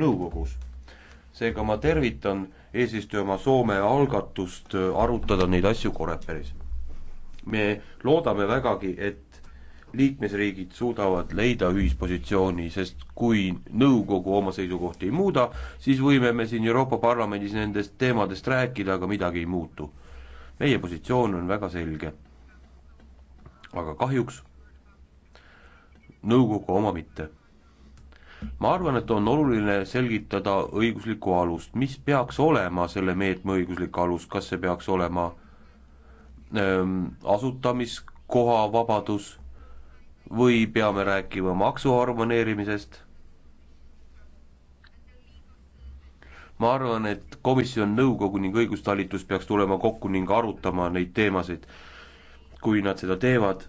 nõukogus. seega ma tervitan eesistujamaa Soome algatust äh, arutada neid asju Koreperis. me loodame vägagi, et liikmesriigid suudavad leida ühispositsiooni, sest kui nõukogu oma seisukohti ei muuda, siis võime me siin Euroopa Parlamendis nendest teemadest rääkida, aga midagi ei muutu. meie positsioon on väga selge. aga kahjuks nõukogu oma mitte ma arvan, et on oluline selgitada õiguslikku alust, mis peaks olema selle meetme õiguslik alus, kas see peaks olema ähm, asutamiskoha vabadus või peame rääkima maksu harmoneerimisest. ma arvan, et komisjon, nõukogu ning õigustalitus peaks tulema kokku ning arutama neid teemasid, kui nad seda teevad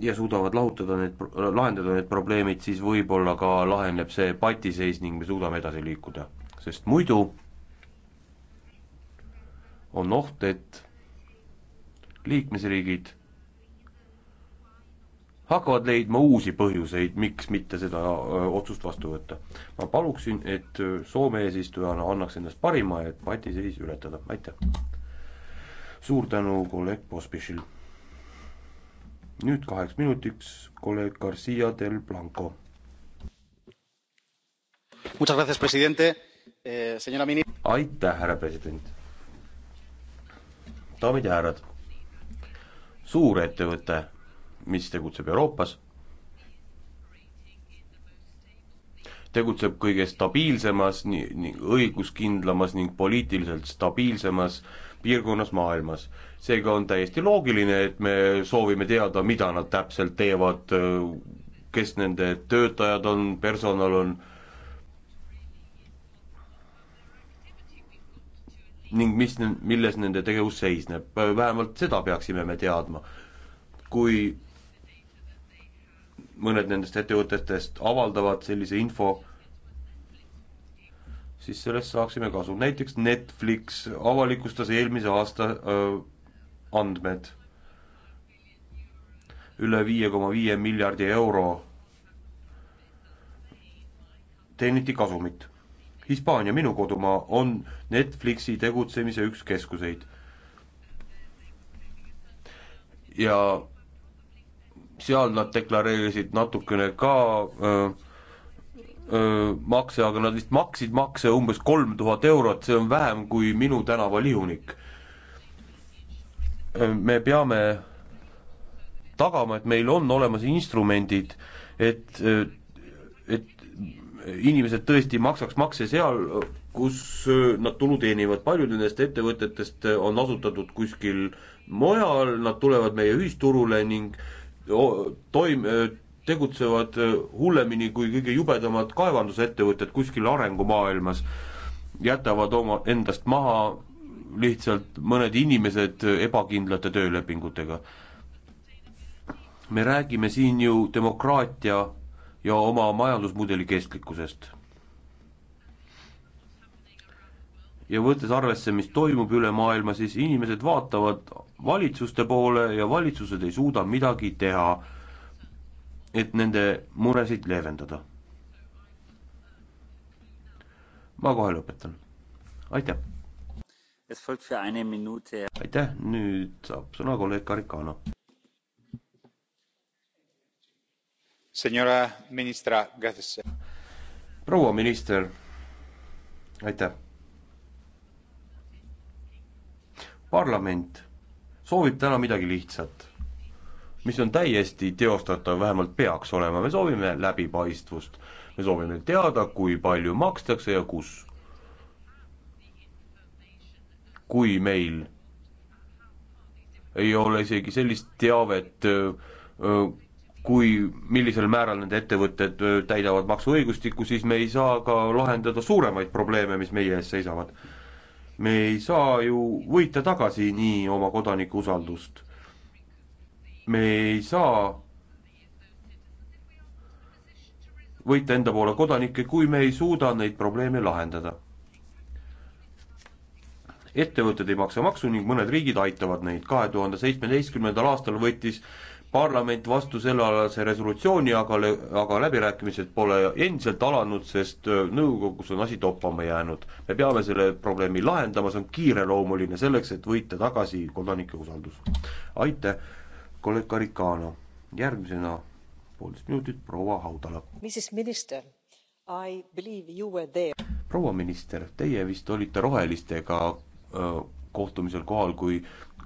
ja suudavad lahutada need, lahendada need probleemid, siis võib-olla ka laheneb see patiseis ning me suudame edasi liikuda. sest muidu on oht, et liikmesriigid hakkavad leidma uusi põhjuseid, miks mitte seda otsust vastu võtta. ma paluksin, et Soome eesistujana annaks endast parima, et patiseis ületada, aitäh! suur tänu, kolleeg Pospišil! nüüd kaheks minutiks kolleeg Garcia del Blanco. Eh, aitäh, härra president. daamid ja härrad, suur ettevõte, mis tegutseb Euroopas, tegutseb kõige stabiilsemas, nii, nii õiguskindlamas ning poliitiliselt stabiilsemas äh, piirkonnas maailmas. seega on täiesti loogiline, et me soovime teada, mida nad täpselt teevad, kes nende töötajad on, personal on, ning mis, milles nende tegevus seisneb, vähemalt seda peaksime me teadma. kui mõned nendest ettevõtetest avaldavad sellise info, siis sellest saaksime kasu. näiteks Netflix avalikustas eelmise aasta öö, andmed üle viie koma viie miljardi euro teeniti kasumit. Hispaania, minu kodumaa, on Netflixi tegutsemise üks keskuseid. ja seal nad deklareerisid natukene ka öö, makse, aga nad vist maksid makse umbes kolm tuhat eurot, see on vähem kui minu tänavalihunik. me peame tagama, et meil on olemas instrumendid, et, et inimesed tõesti maksaks makse seal, kus nad tulu teenivad, paljud nendest ettevõtetest on asutatud kuskil mujal, nad tulevad meie ühisturule ning toim-, tegutsevad äh, hullemini kui kõige jubedamad kaevandusettevõtted kuskil arengumaailmas, jätavad oma, endast maha lihtsalt mõned inimesed äh, ebakindlate töölepingutega. me räägime siin ju demokraatia ja oma majandusmudeli kestlikkusest. ja võttes arvesse, mis toimub üle maailma, siis inimesed vaatavad valitsuste poole ja valitsused ei suuda midagi teha et nende muresid leevendada. ma kohe lõpetan. aitäh. aitäh, nüüd saab sõna kolleeg Caricano. proua minister, aitäh. parlament soovib täna midagi lihtsat mis on täiesti teostatav, vähemalt peaks olema, me soovime läbipaistvust. me soovime teada, kui palju makstakse ja kus. kui meil ei ole isegi sellist teavet, kui, millisel määral need ettevõtted täidavad maksuõigustikku, siis me ei saa ka lahendada suuremaid probleeme, mis meie ees seisavad. me ei saa ju võita tagasi nii oma kodanike usaldust me ei saa võita enda poole kodanikke, kui me ei suuda neid probleeme lahendada. ettevõtted ei maksa maksu ning mõned riigid aitavad neid. kahe tuhande seitsmeteistkümnendal aastal võttis parlament vastu sellealase resolutsiooni, aga, aga läbirääkimised pole endiselt alanud, sest nõukogus on asi toppama jäänud. me peame selle probleemi lahendama, see on kiireloomuline selleks, et võita tagasi kodanike usaldus. aitäh! kolleeg Garicano. järgmisena poolteist minutit proua Haudala. proua minister, teie vist olite rohelistega öö, kohtumisel kohal, kui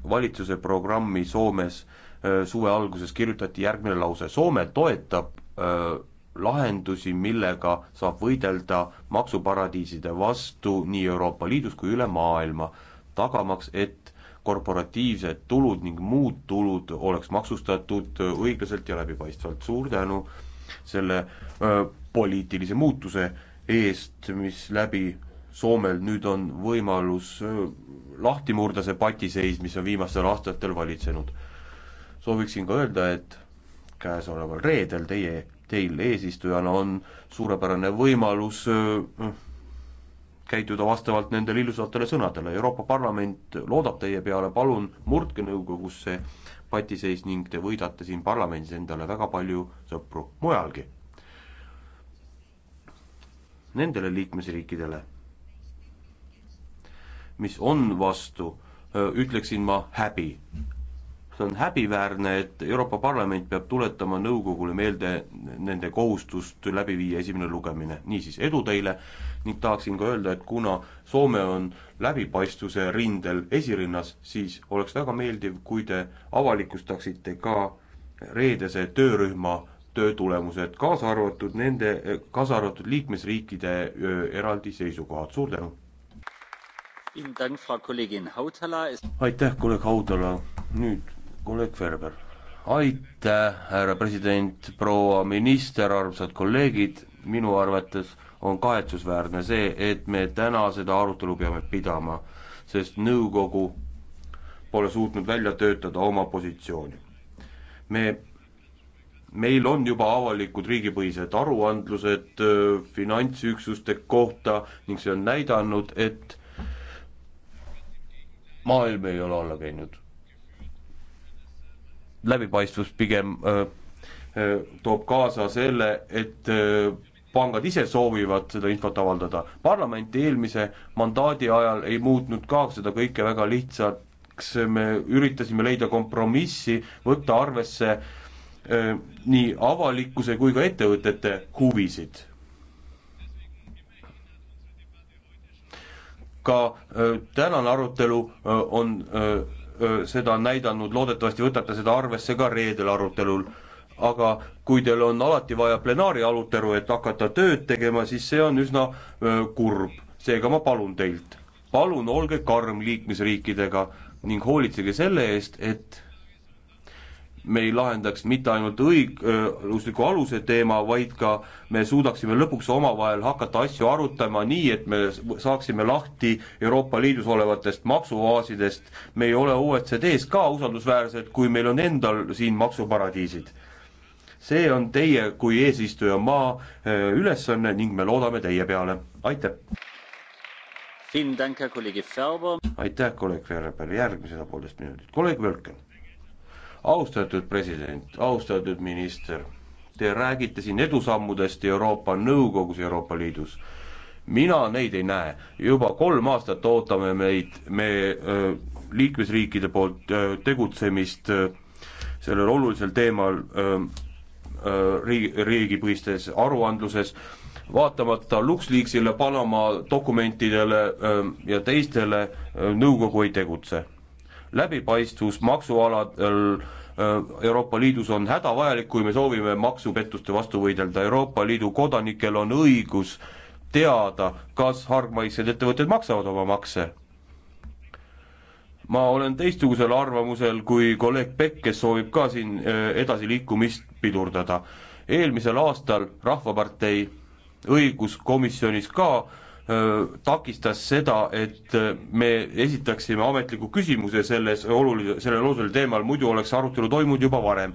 valitsuse programmi Soomes öö, suve alguses kirjutati järgmine lause. Soome toetab öö, lahendusi, millega saab võidelda maksuparadiiside vastu nii Euroopa Liidus kui üle maailma, tagamaks, et korporatiivsed tulud ning muud tulud oleks maksustatud äh, õiglaselt ja läbipaistvalt. suur tänu selle öö, äh, poliitilise muutuse eest, mis läbi Soomel nüüd on võimalus öö, äh, lahti murda see patiseis, mis on viimastel aastatel valitsenud. sooviksin ka öelda, et käesoleval reedel teie, teil eesistujana on suurepärane võimalus öö, käituda vastavalt nendele ilusatele sõnadele. Euroopa Parlament loodab teie peale, palun murdke nõukogus see patiseis ning te võidate siin parlamendis endale väga palju sõpru mujalgi. Nendele liikmesriikidele, mis on vastu, ütleksin ma häbi see on häbiväärne, et Euroopa Parlament peab tuletama nõukogule meelde nende kohustust läbi viia esimene lugemine. niisiis, edu teile ning tahaksin ka öelda, et kuna Soome on läbipaistvuse rindel esirinnas, siis oleks väga meeldiv, kui te avalikustaksite ka reedese töörühma töö tulemused, kaasa arvatud nende, kaasa arvatud liikmesriikide eraldi seisukohad, suur tänu! aitäh, kolleeg Haudala, nüüd kolleeg Ferber. aitäh, härra president, proua minister, armsad kolleegid, minu arvates on kahetsusväärne see, et me täna seda arutelu peame pidama, sest nõukogu pole suutnud välja töötada oma positsiooni. me, meil on juba avalikud riigipõhised aruandlused äh, finantsüksuste kohta ning see on näidanud, et maailm ei ole alla käinud läbipaistvus pigem öö, öö, toob kaasa selle, et öö, pangad ise soovivad seda infot avaldada. parlament eelmise mandaadi ajal ei muutnud ka seda kõike väga lihtsaks, me üritasime leida kompromissi, võtta arvesse öö, nii avalikkuse kui ka ettevõtete huvisid. ka öö, tänane arutelu öö, on öö, seda on näidanud, loodetavasti võtate seda arvesse ka reedel arutelul, aga kui teil on alati vaja plenaari arutelu, et hakata tööd tegema, siis see on üsna kurb. seega ma palun teilt, palun olge karm liikmesriikidega ning hoolitsege selle eest, et me ei lahendaks mitte ainult õigusliku aluse teema, vaid ka me suudaksime lõpuks omavahel hakata asju arutama nii, et me saaksime lahti Euroopa Liidus olevatest maksuvaasidest. me ei ole OECD-s ka usaldusväärsed, kui meil on endal siin maksuparadiisid. see on teie kui eesistuja maa ülesanne ning me loodame teie peale, aitäh! aitäh, kolleeg Ferber, järgmisena poolteist minutit, kolleeg Völken austatud president, austatud minister, te räägite siin edusammudest Euroopa Nõukogus, Euroopa Liidus. mina neid ei näe, juba kolm aastat ootame meid, me öö, liikmesriikide poolt öö, tegutsemist öö, sellel olulisel teemal öö, öö, riigi, riigipõhistes aruandluses, vaatamata LuxLeaksile, Panama dokumentidele öö, ja teistele, nõukogu ei tegutse läbipaistvus maksualadel äh, Euroopa Liidus on hädavajalik, kui me soovime maksupettuste vastu võidelda, Euroopa Liidu kodanikel on õigus teada, kas hargmaised ettevõtted maksavad oma makse. ma olen teistsugusel arvamusel kui kolleeg Pekk, kes soovib ka siin äh, edasiliikumist pidurdada. eelmisel aastal Rahvapartei õiguskomisjonis ka äh, takistas seda, et me esitaksime ametliku küsimuse selles olulise, sellel olulisel teemal, muidu oleks arutelu toimunud juba varem.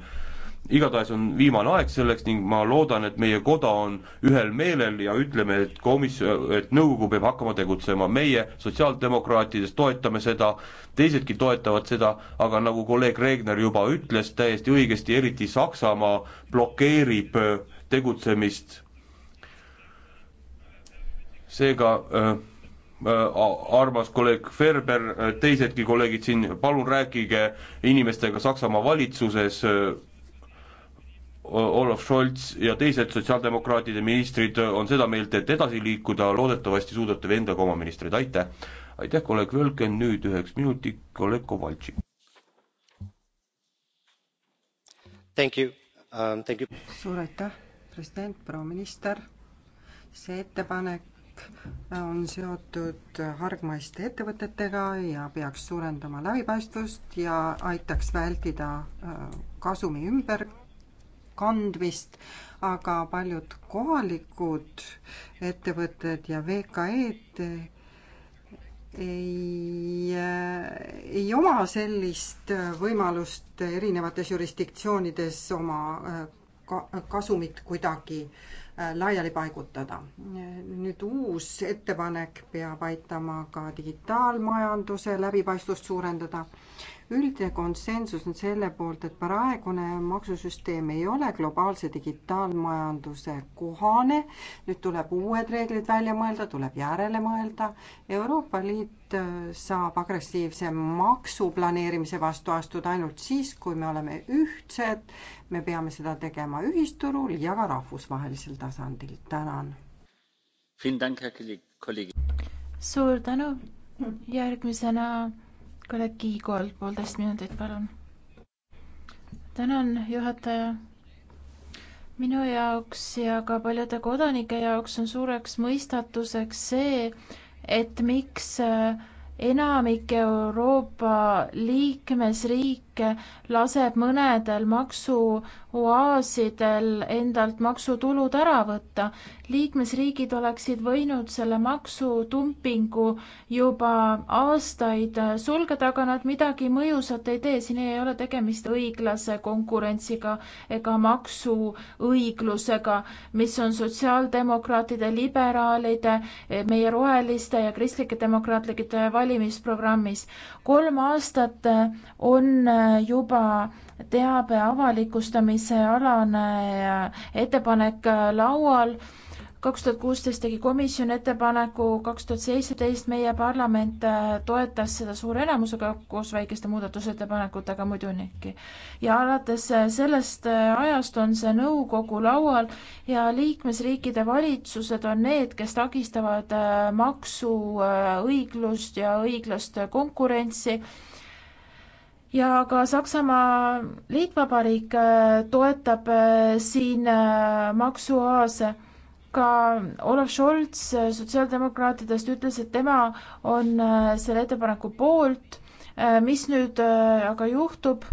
igatahes on viimane aeg selleks ning ma loodan, et meie koda on ühel meelel ja ütleme, et komisjon, et nõukogu peab hakkama tegutsema, meie sotsiaaldemokraatidest toetame seda, teisedki toetavad seda, aga nagu kolleeg Regner juba ütles täiesti õigesti, eriti Saksamaa blokeerib tegutsemist seega äh, äh armas kolleeg Ferber, äh, teisedki kolleegid siin, palun rääkige inimestega Saksamaa valitsuses, äh, Olaf Scholz ja teised sotsiaaldemokraatide ministrid on seda meelt, et edasi liikuda, loodetavasti suudate veenda ka oma ministreid, aitäh! aitäh, kolleeg Völken, nüüd üheks minutiks kolleeg Kovaltšik. Um, suur aitäh, president, proua minister, see ettepanek pakett on seotud hargmaiste ettevõtetega ja peaks suurendama läbipaistvust ja aitaks vältida äh, kasumi ümberkandmist, aga paljud kohalikud ettevõtted ja VKE-d ei, äh, ei oma sellist äh, võimalust erinevates jurisdiktsioonides oma kasumit kuidagi äh, Äh, laiali paigutada. nüüd uus ettepanek peab aitama ka digitaalmajanduse läbipaistvust suurendada üldine konsensus on selle poolt, et praegune maksusüsteem ei ole globaalse digitaalmajanduse kohane. nüüd tuleb uued reeglid välja mõelda, tuleb järele mõelda. Euroopa Liit äh, saab agressiivse maksuplaneerimise vastu astuda ainult siis, kui me oleme ühtsed. me peame seda tegema ühisturul ja ka rahvusvahelisel tasandil. tänan. suur tänu. järgmisena kolleeg Kiigol, poolteist minutit, palun. tänan, juhataja. minu jaoks ja ka paljude kodanike jaoks on suureks mõistatuseks see, et miks äh, enamik Euroopa liikmesriike riik laseb mõnedel maksuoaasidel endalt maksutulud ära võtta. liikmesriigid oleksid võinud selle maksutumpingu juba aastaid sulgeda, aga nad midagi mõjusat ei tee, siin ei ole tegemist õiglase konkurentsiga ega maksuõiglusega, mis on sotsiaaldemokraatide, liberaalide, meie roheliste ja kristlike demokraatlike valimisprogrammis. kolm aastat on juba teabe avalikustamise alane ettepanek laual. kaks tuhat kuusteist tegi komisjon ettepaneku, kaks tuhat seitseteist meie parlament toetas seda suure enamusega koos väikeste muudatusettepanekutega muidugi. ja alates sellest ajast on see nõukogu laual ja liikmesriikide valitsused on need, kes takistavad maksuõiglust ja õiglast konkurentsi ja ka Saksamaa Liitvabariik äh, toetab äh, siin äh, maksuaase. ka Olav Scholz sotsiaaldemokraatidest ütles, et tema on selle ettepaneku poolt. mis nüüd aga juhtub?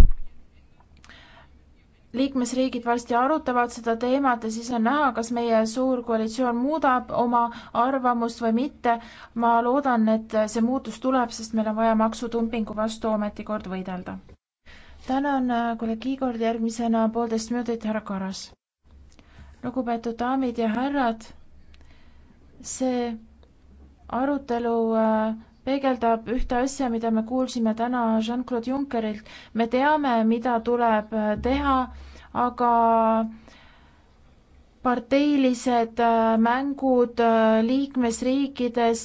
liikmesriigid varsti arutavad seda teemat ja siis on näha, kas meie suur koalitsioon muudab oma arvamust või mitte. ma loodan, et see muutus tuleb, sest meil on vaja maksutumpingu vastu ometi kord võidelda. tänan äh, kolleeg Igor, järgmisena poolteist minutit, härra Karas. lugupeetud daamid ja härrad, see arutelu äh, peegeldab ühte asja, mida me kuulsime täna Jean-Claude Junckerilt. me teame, mida tuleb äh, teha, aga parteilised äh, mängud äh, liikmesriikides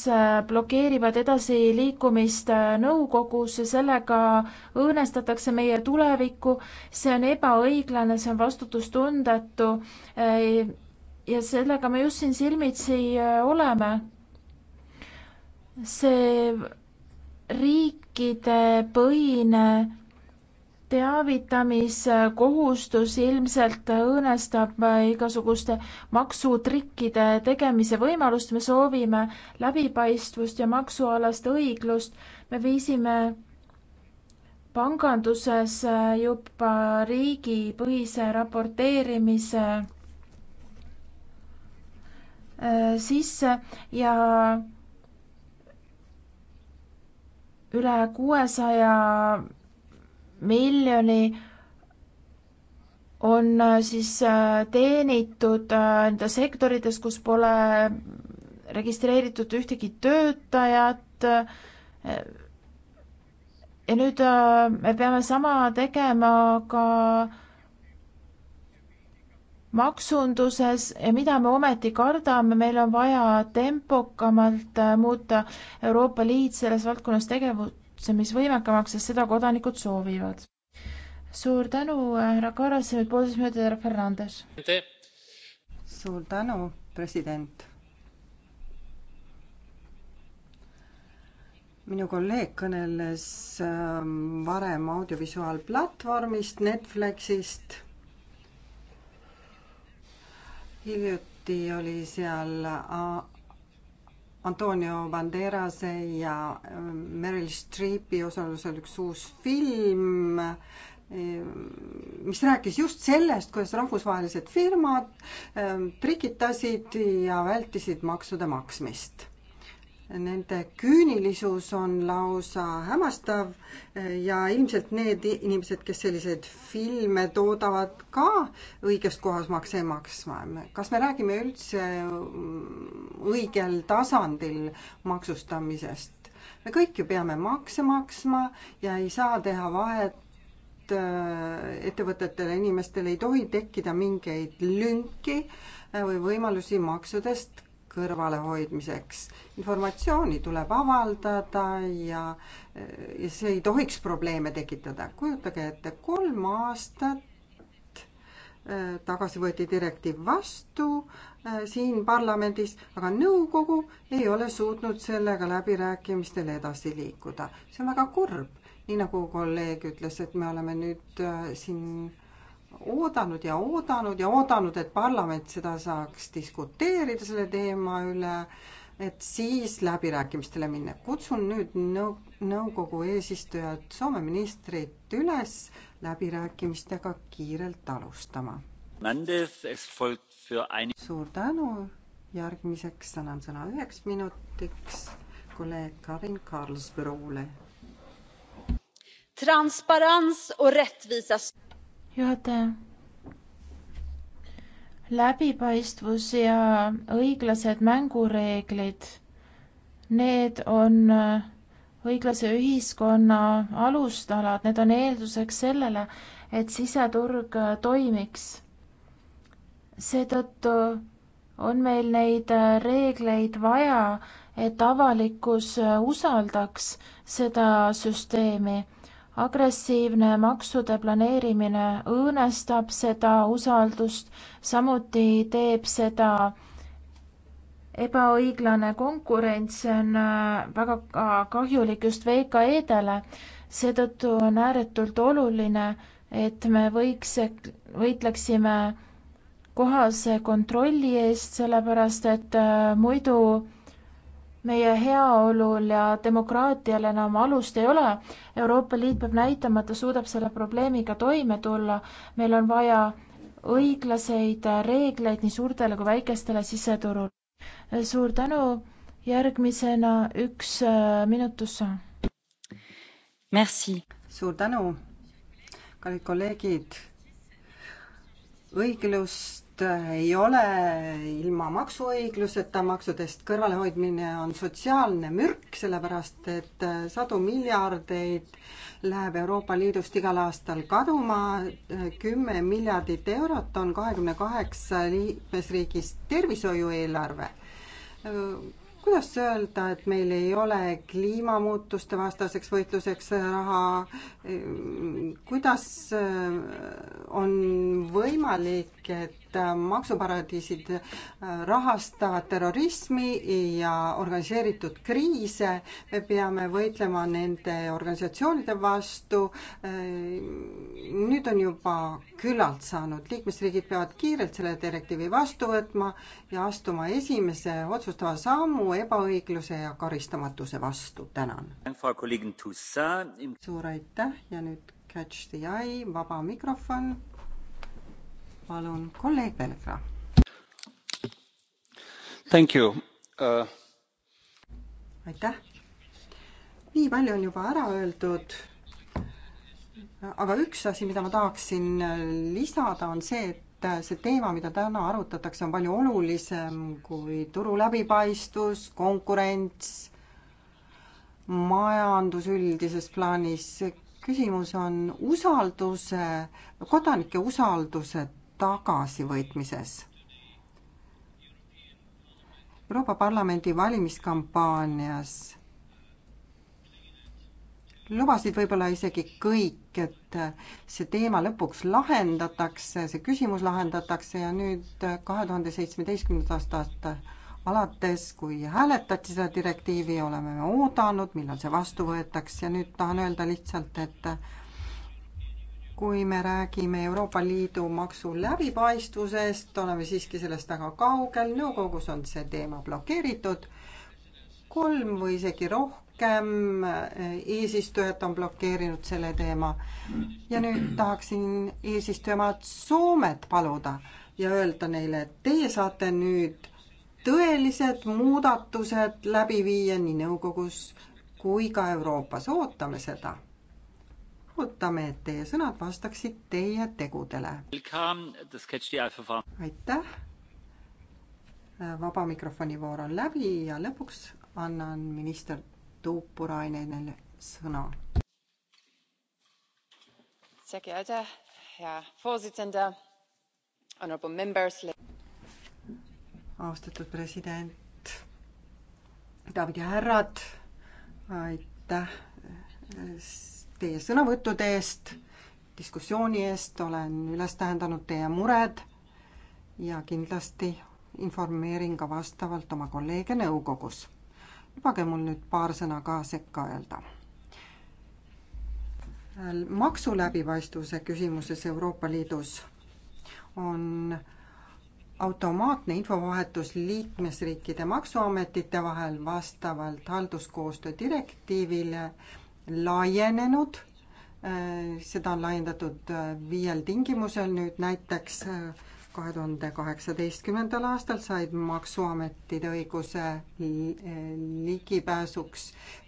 blokeerivad edasiliikumist nõukogus ja sellega õõnestatakse meie tulevikku. see on ebaõiglane, see on vastutustundetu. ja sellega me just siin silmitsi oleme see riikide põhine teavitamiskohustus ilmselt õõnestab igasuguste maksutrikkide tegemise võimalust, me soovime läbipaistvust ja maksualast õiglust, me viisime panganduses juba riigipõhise raporteerimise äh, sisse ja üle kuuesaja miljoni on äh, siis äh, teenitud äh, nendes sektorites, kus pole registreeritud ühtegi töötajat. ja nüüd me peame sama tegema ka äh, maksunduses ja mida me ometi kardame, meil on vaja tempokamalt äh, muuta Euroopa Liit selles valdkonnas tegevutsemisvõimekamaks, sest seda kodanikud soovivad. suur tänu, äh, härra Karas ja nüüd poolteist minutit, härra Fernandes. suur tänu, president. minu kolleeg kõneles ähm, varem audiovisuaalplatvormist Netflixist hiljuti oli seal äh, Antonio Banderase ja äh, Meryl Streepi osalusel üks uus film, äh, mis rääkis just sellest, kuidas rahvusvahelised firmad trikitasid ja vältisid maksude maksmist. Nende küünilisus on lausa hämmastav ja ilmselt need inimesed, kes selliseid filme toodavad, ka õiges kohas makse ei maksma. kas me räägime üldse mm, õigel tasandil maksustamisest? me kõik ju peame makse maksma ja ei saa teha vahet äh, ettevõtetele, inimestele ei tohi tekkida mingeid lünki või võimalusi maksudest kõrvalehoidmiseks. informatsiooni tuleb avaldada ja, ja see ei tohiks probleeme tekitada. kujutage ette, kolm aastat äh, tagasi võeti direktiiv vastu äh, siin parlamendis, aga nõukogu ei ole suutnud sellega läbirääkimistel edasi liikuda. see on väga kurb, nii nagu kolleeg ütles, et me oleme nüüd äh, siin oodanud ja oodanud ja oodanud, et parlament seda saaks diskuteerida selle teema üle, et siis läbirääkimistele minna. kutsun nüüd nõu-, nõukogu eesistujat, Soome ministrit üles läbirääkimistega kiirelt alustama. Ein... suur tänu, järgmiseks annan sõna üheks minutiks kolleeg Karin Karlsbruule transparens och rättvisa juhataja. läbipaistvus ja õiglased mängureeglid, need on äh, õiglase ühiskonna alustalad, need on eelduseks sellele, et siseturg äh, toimiks. seetõttu on meil neid äh, reegleid vaja, et avalikkus usaldaks seda süsteemi agressiivne maksude planeerimine õõnestab seda usaldust, samuti teeb seda ebaõiglane konkurents, see on äh, väga kahjulik just VKE-dele, seetõttu on ääretult oluline, et me võiks, võitleksime kohase kontrolli eest, sellepärast et äh, muidu meie heaolul ja demokraatial enam alust ei ole. Euroopa Liit peab näitama, et ta suudab selle probleemiga toime tulla. meil on vaja õiglaseid reegleid nii suurtele kui väikestele siseturul. suur tänu, järgmisena üks äh, minut USA. Merci. suur tänu, kallid kolleegid. õiglus Äh, ei ole ilma maksuõigluseta, maksudest kõrvalehoidmine on sotsiaalne mürk, sellepärast et äh, sadu miljardeid läheb Euroopa Liidust igal aastal kaduma, äh, kümme miljardit eurot on kahekümne kaheksa liikmesriigis tervishoiueelarve. kuidas öelda, et meil ei ole kliimamuutuste vastaseks võitluseks raha, kuidas on võimalik, et et äh, maksuparadiisid äh, rahastavad terrorismi ja organiseeritud kriise. me peame võitlema nende organisatsioonide vastu. Äh, nüüd on juba küllalt saanud, liikmesriigid peavad kiirelt selle direktiivi vastu võtma ja astuma esimese otsustava sammu ebaõigluse ja karistamatuse vastu. tänan. suur aitäh ja nüüd Catch the Eye, vaba mikrofon palun, kolleeg Belgra. Thank you uh.... aitäh. nii palju on juba ära öeldud. aga üks asi, mida ma tahaksin lisada, on see, et see teema, mida täna arutatakse, on palju olulisem kui turu läbipaistvus, konkurents, majandus üldises plaanis. küsimus on usalduse, kodanike usalduse tagasivõitmises. Euroopa Parlamendi valimiskampaanias lubasid võib-olla isegi kõik, et see teema lõpuks lahendatakse, see küsimus lahendatakse ja nüüd kahe tuhande seitsmeteistkümnendast aastast alates, kui hääletati seda direktiivi, oleme me oodanud, millal see vastu võetakse ja nüüd tahan öelda lihtsalt, et kui me räägime Euroopa Liidu maksu läbipaistvusest, oleme siiski sellest väga kaugel, nõukogus on see teema blokeeritud, kolm või isegi rohkem eh, eesistujat on blokeerinud selle teema. ja nüüd tahaksin eesistujamaad Soomet paluda ja öelda neile, et teie saate nüüd tõelised muudatused läbi viia nii nõukogus kui ka Euroopas, ootame seda ootame, et teie sõnad vastaksid teie tegudele. aitäh. vaba mikrofoni voor on läbi ja lõpuks annan minister Tuupurainenile sõna. austatud president, daamid ja härrad, aitäh teie sõnavõttude eest, diskussiooni eest, olen üles tähendanud teie mured ja kindlasti informeerin ka vastavalt oma kolleege nõukogus. lubage mul nüüd paar sõna ka sekka öelda. maksu läbipaistvuse küsimuses Euroopa Liidus on automaatne infovahetus liikmesriikide maksuametite vahel vastavalt halduskoostöö direktiivile laienenud, äh, seda on laiendatud äh, viiel tingimusel, nüüd näiteks äh, kahe tuhande kaheksateistkümnendal aastal said Maksuametid õiguse ligipääsuks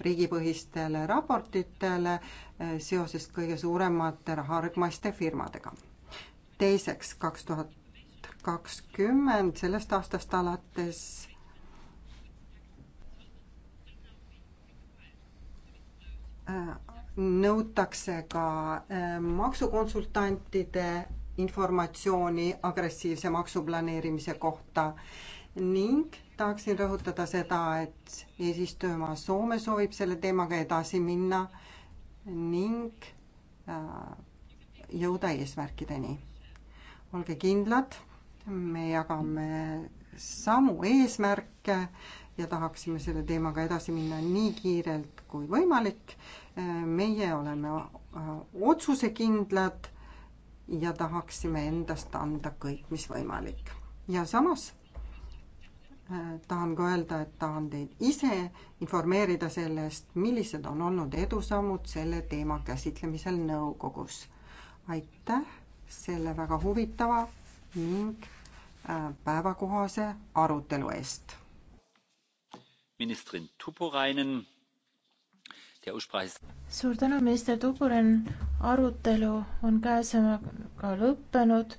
riigipõhistele raportitele seoses kõige suuremate rahahargmaiste firmadega. teiseks, kaks tuhat kakskümmend, sellest aastast alates nõutakse ka äh, maksukonsultantide informatsiooni agressiivse maksuplaneerimise kohta ning tahaksin rõhutada seda, et eesistujamaa Soome soovib selle teemaga edasi minna ning äh, jõuda eesmärkideni. olge kindlad, me jagame samu eesmärke ja tahaksime selle teemaga edasi minna nii kiirelt kui võimalik. meie oleme äh, otsusekindlad ja tahaksime endast anda kõik, mis võimalik. ja samas äh, tahan ka öelda, et tahan teid ise informeerida sellest, millised on olnud edusammud selle teema käsitlemisel nõukogus. aitäh selle väga huvitava ning Äh, päevakohase arutelu eest. ministrin Tuppurainen. suur tänu, minister Tuppurainen. arutelu on käesolevaga lõppenud.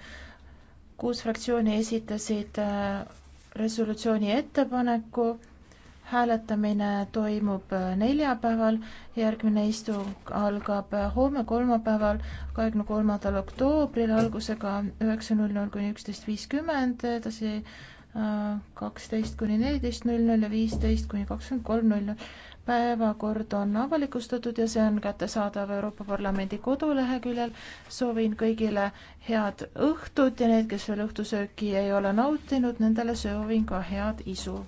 kuus fraktsiooni esitasid äh, resolutsiooni ettepaneku hääletamine toimub äh, neljapäeval, järgmine istung algab äh, homme, kolmapäeval, kahekümne kolmandal oktoobril algusega üheksa null null kuni üksteist viiskümmend, edasi äh, kaksteist kuni neliteist null null ja viisteist kuni kakskümmend kolm null null. päevakord on avalikustatud ja see on kättesaadav Euroopa Parlamendi koduleheküljel. soovin kõigile head õhtut ja need, kes veel õhtusööki ei ole nautinud, nendele soovin ka head isu